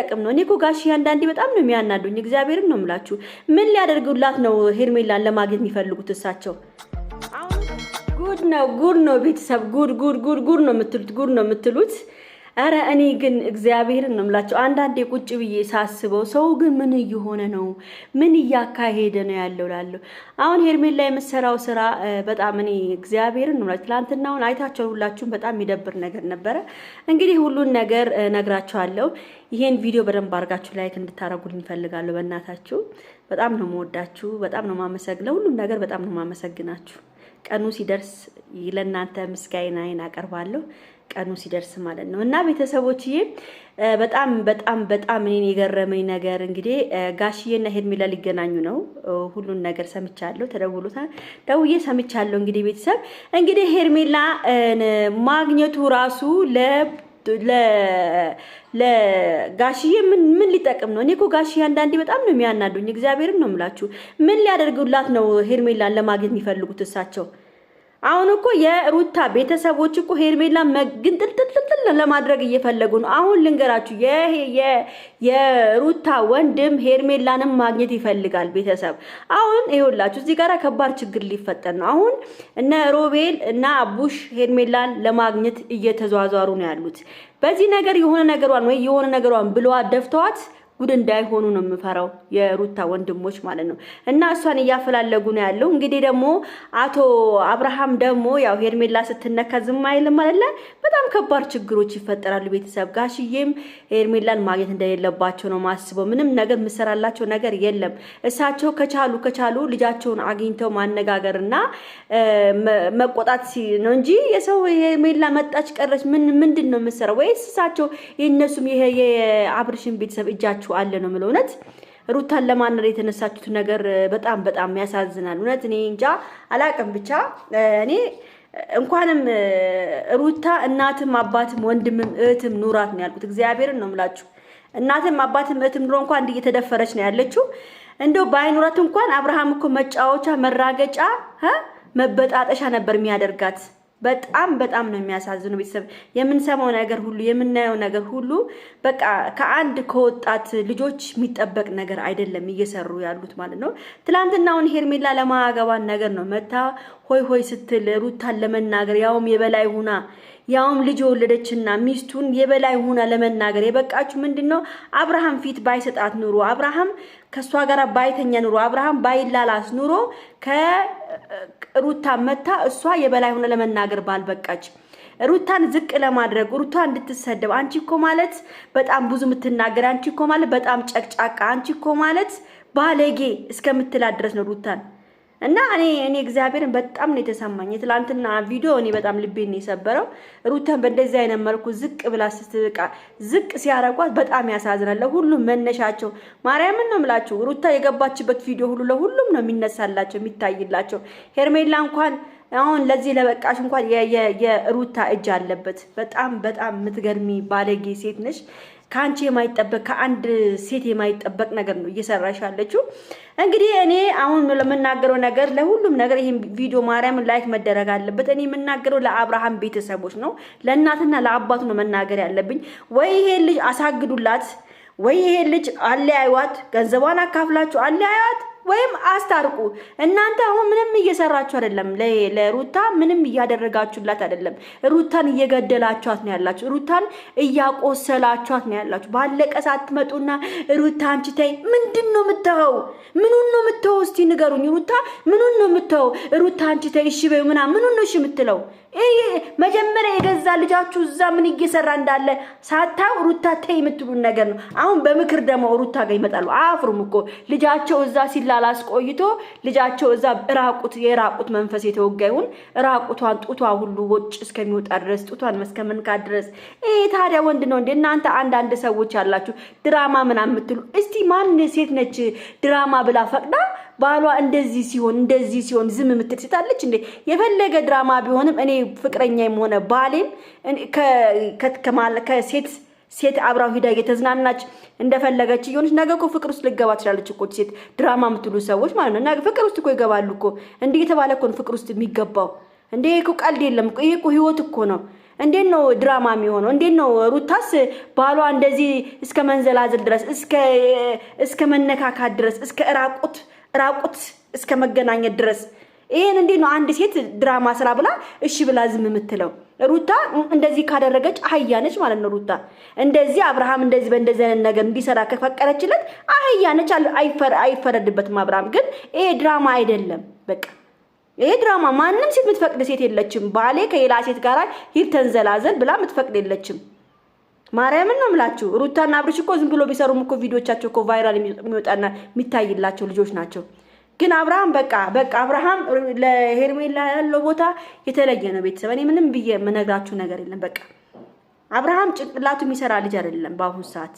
አይጠቅም ነው። እኔ እኮ ጋሽ አንዳንዴ በጣም ነው የሚያናዱኝ። እግዚአብሔርን ነው የምላችሁ። ምን ሊያደርጉላት ነው ሄርሜላን ለማግኘት የሚፈልጉት እሳቸው? ጉድ ነው ጉድ ነው ቤተሰብ ጉድ ጉድ ጉድ ጉድ ነው የምትሉት ጉድ ነው የምትሉት አረ እኔ ግን እግዚአብሔርን ነው የምላቸው። አንዳንዴ ቁጭ ብዬ ሳስበው ሰው ግን ምን እየሆነ ነው? ምን እያካሄደ ነው ያለው ላለሁ አሁን ሄርሜላ ላይ የምትሰራው ስራ በጣም እኔ እግዚአብሔርን ነው የምላቸው። ትናንትናውን አይታቸው ሁላችሁም በጣም የሚደብር ነገር ነበረ። እንግዲህ ሁሉን ነገር ነግራችኋለሁ። ይሄን ቪዲዮ በደንብ አድርጋችሁ ላይክ እንድታደርጉልኝ እፈልጋለሁ። በእናታችሁ በጣም ነው የምወዳችሁ፣ በጣም ነው የማመሰግነው። ሁሉም ነገር በጣም ነው የማመሰግናችሁ። ቀኑ ሲደርስ ለእናንተ ምስጋናዬን አቀርባለሁ። ቀኑ ሲደርስ ማለት ነው። እና ቤተሰቦችዬ በጣም በጣም በጣም እኔን የገረመኝ ነገር እንግዲህ ጋሽዬና ሄርሜላ ሊገናኙ ነው። ሁሉን ነገር ሰምቻለሁ፣ ተደውሎ ደውዬ ሰምቻለሁ። እንግዲህ ቤተሰብ እንግዲህ ሄርሜላ ማግኘቱ ራሱ ለ ለጋሽዬ ምን ምን ሊጠቅም ነው? እኔ እኮ ጋሽዬ አንዳንዴ በጣም ነው የሚያናዱኝ። እግዚአብሔርን ነው የምላችሁ። ምን ሊያደርጉላት ነው ሄርሜላን ለማግኘት የሚፈልጉት እሳቸው? አሁን እኮ የሩታ ቤተሰቦች እኮ ሄርሜላ ግንጥልጥልጥል ለማድረግ እየፈለጉ ነው። አሁን ልንገራችሁ የሩታ ወንድም ሄርሜላንም ማግኘት ይፈልጋል። ቤተሰብ አሁን ይሁላችሁ፣ እዚህ ጋር ከባድ ችግር ሊፈጠር ነው። አሁን እነ ሮቤል እና አቡሽ ሄርሜላን ለማግኘት እየተዟዟሩ ነው ያሉት። በዚህ ነገር የሆነ ነገሯን ወይ የሆነ ነገሯን ብለዋ ደፍተዋት ጉድ እንዳይሆኑ ነው የምፈራው፣ የሩታ ወንድሞች ማለት ነው። እና እሷን እያፈላለጉ ነው ያለው። እንግዲህ ደግሞ አቶ አብርሃም ደግሞ ያው ሄርሜላ ስትነካ ዝም አይልም አለ። በጣም ከባድ ችግሮች ይፈጠራሉ። ቤተሰብ ጋሽዬም ሄርሜላን ማግኘት እንደሌለባቸው ነው ማስበው። ምንም ነገር የምሰራላቸው ነገር የለም። እሳቸው ከቻሉ ከቻሉ ልጃቸውን አግኝተው ማነጋገር እና መቆጣት ነው እንጂ የሰው ሄርሜላ መጣች ቀረች ምን ምንድን ነው የምሰራው? ወይስ እሳቸው የእነሱም የአብርሽን ቤተሰብ እጃቸው ያላችሁ አለ ነው የምለው። እውነት ሩታን ለማነር የተነሳችሁት ነገር በጣም በጣም ያሳዝናል። እውነት እኔ እንጃ አላቅም። ብቻ እኔ እንኳንም ሩታ እናትም አባትም ወንድምም እህትም ኑራት ነው ያልኩት። እግዚአብሔርን ነው የምላችሁ። እናትም አባትም እህትም ኑሮ እንኳን እንዲህ እየተደፈረች ነው ያለችው። እንደው ባይኑራት እንኳን አብርሃም እኮ መጫወቻ መራገጫ መበጣጠሻ ነበር የሚያደርጋት። በጣም በጣም ነው የሚያሳዝነው። ቤተሰብ የምንሰማው ነገር ሁሉ የምናየው ነገር ሁሉ በቃ ከአንድ ከወጣት ልጆች የሚጠበቅ ነገር አይደለም እየሰሩ ያሉት ማለት ነው። ትናንትናውን ሄርሜላ ለማያገባን ነገር ነው መታ ሆይ ሆይ ስትል ሩታን ለመናገር ያውም የበላይ ሁና ያውም ልጅ የወለደችና ሚስቱን የበላይ ሁና ለመናገር የበቃችሁ ምንድን ነው? አብርሃም ፊት ባይሰጣት ኑሮ አብርሃም ከእሷ ጋር ባይተኛ ኑሮ አብርሃም ባይላላስ ኑሮ ሩታ መታ እሷ የበላይ ሆነ ለመናገር ባልበቃች ሩታን ዝቅ ለማድረግ ሩታ እንድትሰደብ አንቺ እኮ ማለት በጣም ብዙ የምትናገር አንቺ እኮ ማለት በጣም ጨቅጫቃ አንቺ እኮ ማለት ባለጌ እስከምትላት ድረስ ነው ሩታን እና እኔ እኔ እግዚአብሔርን በጣም ነው የተሰማኝ። የትላንትና ቪዲዮ እኔ በጣም ልቤን ነው የሰበረው። ሩተን በእንደዚህ አይነት መልኩ ዝቅ ብላ ስትቃ ዝቅ ሲያረጓት በጣም ያሳዝናል። ለሁሉም መነሻቸው ማርያምን ነው ምላችሁ። ሩታ የገባችበት ቪዲዮ ሁሉ ለሁሉም ነው የሚነሳላቸው የሚታይላቸው። ሄርሜላ እንኳን አሁን ለዚህ ለበቃሽ እንኳን የሩታ እጅ አለበት። በጣም በጣም የምትገርሚ ባለጌ ሴት ነሽ። ከአንቺ የማይጠበቅ ከአንድ ሴት የማይጠበቅ ነገር ነው እየሰራሽ ያለችው። እንግዲህ እኔ አሁን ለምናገረው ነገር ለሁሉም ነገር ይህን ቪዲዮ ማርያምን ላይክ መደረግ አለበት። እኔ የምናገረው ለአብርሃም ቤተሰቦች ነው፣ ለእናትና ለአባቱ ነው መናገር ያለብኝ። ወይ ይሄ ልጅ አሳግዱላት፣ ወይ ይሄ ልጅ አለያዩዋት፣ ገንዘቧን አካፍላችሁ አለያዩዋት ወይም አስታርቁ። እናንተ አሁን ምንም እየሰራችሁ አይደለም፣ ለሩታ ምንም እያደረጋችሁላት አይደለም። ሩታን እየገደላችኋት ነው ያላችሁ፣ ሩታን እያቆሰላችኋት ነው ያላችሁ። ባለቀ ሳትመጡና ሩታ አንቺ ተይ ምንድን ነው የምትኸው ምኑን እስቲ ንገሩኝ። ሩታ ምኑን ነው የምትተው? ሩታ አንቺ ተይ እሺ በይው ምናምን ምኑን ነው እሺ የምትለው? መጀመሪያ የገዛ ልጃችሁ እዛ ምን እየሰራ እንዳለ ሳታው ሩታ ተይ የምትሉን ነገር ነው። አሁን በምክር ደግሞ ሩታ ጋር ይመጣሉ። አያፍሩም እኮ ልጃቸው እዛ ሲላላስ ቆይቶ ልጃቸው እዛ ራቁት የራቁት መንፈስ ይሁን ራቁቷን ጡቷ ሁሉ ወጭ እስከሚወጣ ድረስ ጡቷን እስከመንካት ድረስ ይሄ ታዲያ ወንድ ነው እንዴ? እናንተ አንዳንድ ሰዎች አላችሁ ድራማ ምናምን የምትሉ እስቲ ማን ሴት ነች ድራማ ብላ ፈቅዳ ባሏ እንደዚህ ሲሆን እንደዚህ ሲሆን ዝም የምትል ሴት አለች እንዴ? የፈለገ ድራማ ቢሆንም እኔ ፍቅረኛም ሆነ ባሌም ከሴት ሴት አብራው ሂዳ እየተዝናናች እንደፈለገች እየሆነች ነገ እኮ ፍቅር ውስጥ ልገባ ትችላለች እኮ ሴት ድራማ የምትሉ ሰዎች ማለት ነው። ነገ ፍቅር ውስጥ እኮ ይገባሉ እኮ እንዴ! የተባለ እኮ ነው ፍቅር ውስጥ የሚገባው እንዴ! እኮ ቀልድ የለም እኮ ይሄ እኮ ህይወት እኮ ነው። እንዴት ነው ድራማ የሚሆነው? እንዴት ነው ሩታስ ባሏ እንደዚህ እስከ መንዘላዘል ድረስ እስከ መነካካት ድረስ እስከ እራቁት ራቁት እስከ መገናኘት ድረስ ይህን እንዴት ነው አንድ ሴት ድራማ ስራ ብላ እሺ ብላ ዝም የምትለው? ሩታ እንደዚህ ካደረገች አህያ ነች ማለት ነው። ሩታ እንደዚህ አብርሃም እንደዚህ በእንደዚህ አይነት ነገር እንዲሰራ ከፈቀረችለት አህያ ነች፣ አይፈረድበትም። አብርሃም ግን ይሄ ድራማ አይደለም። በቃ ይሄ ድራማ ማንም ሴት የምትፈቅድ ሴት የለችም። ባሌ ከሌላ ሴት ጋር ሂድ ተንዘላዘል ብላ የምትፈቅድ የለችም። ማርያምን ነው የምላችሁ። ሩታና አብርሽ እኮ ዝም ብሎ ቢሰሩም እኮ ቪዲዮቻቸው እኮ ቫይራል የሚወጣና የሚታይላቸው ልጆች ናቸው። ግን አብርሃም በቃ በቃ አብርሃም ለሄርሜላ ያለው ቦታ የተለየ ነው። ቤተሰብ እኔ ምንም ብዬ የምነግራችሁ ነገር የለም። በቃ አብርሃም ጭንቅላቱ የሚሰራ ልጅ አይደለም በአሁኑ ሰዓት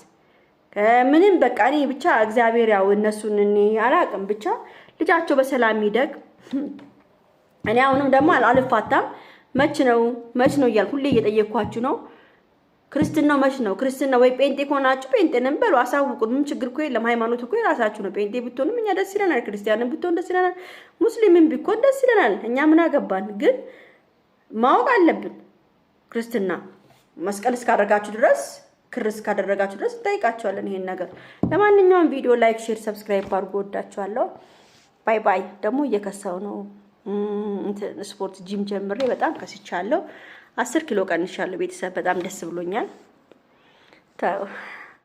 ምንም በቃ እኔ ብቻ እግዚአብሔር ያው እነሱን እኔ አላቅም። ብቻ ልጃቸው በሰላም ይደግ። እኔ አሁንም ደግሞ አልፋታም። መች ነው መች ነው እያልኩ ሁሌ እየጠየኳችሁ ነው። ክርስትናው መች ነው? ክርስትና ወይ ጴንጤ ከሆናችሁ ጴንጤ ነን በሉ አሳውቁ። ምን ችግር እኮ የለም። ሃይማኖት እኮ የራሳችሁ ነው። ጴንጤ ብትሆንም እኛ ደስ ይለናል፣ ክርስቲያንን ብትሆን ደስ ይለናል፣ ሙስሊምን ቢኮን ደስ ይለናል። እኛ ምን አገባን? ግን ማወቅ አለብን። ክርስትና መስቀል እስካደረጋችሁ ድረስ ክር እስካደረጋችሁ ድረስ እንጠይቃቸዋለን ይሄን ነገር። ለማንኛውም ቪዲዮ ላይክ፣ ሼር፣ ሰብስክራይብ አድርጎ ወዳችኋለሁ። ባይ ባይ። ደግሞ እየከሳው ነው ስፖርት ጂም ጀምሬ በጣም ከስቻለሁ። አስር ኪሎ ቀንሻለሁ። ቤተሰብ በጣም ደስ ብሎኛል።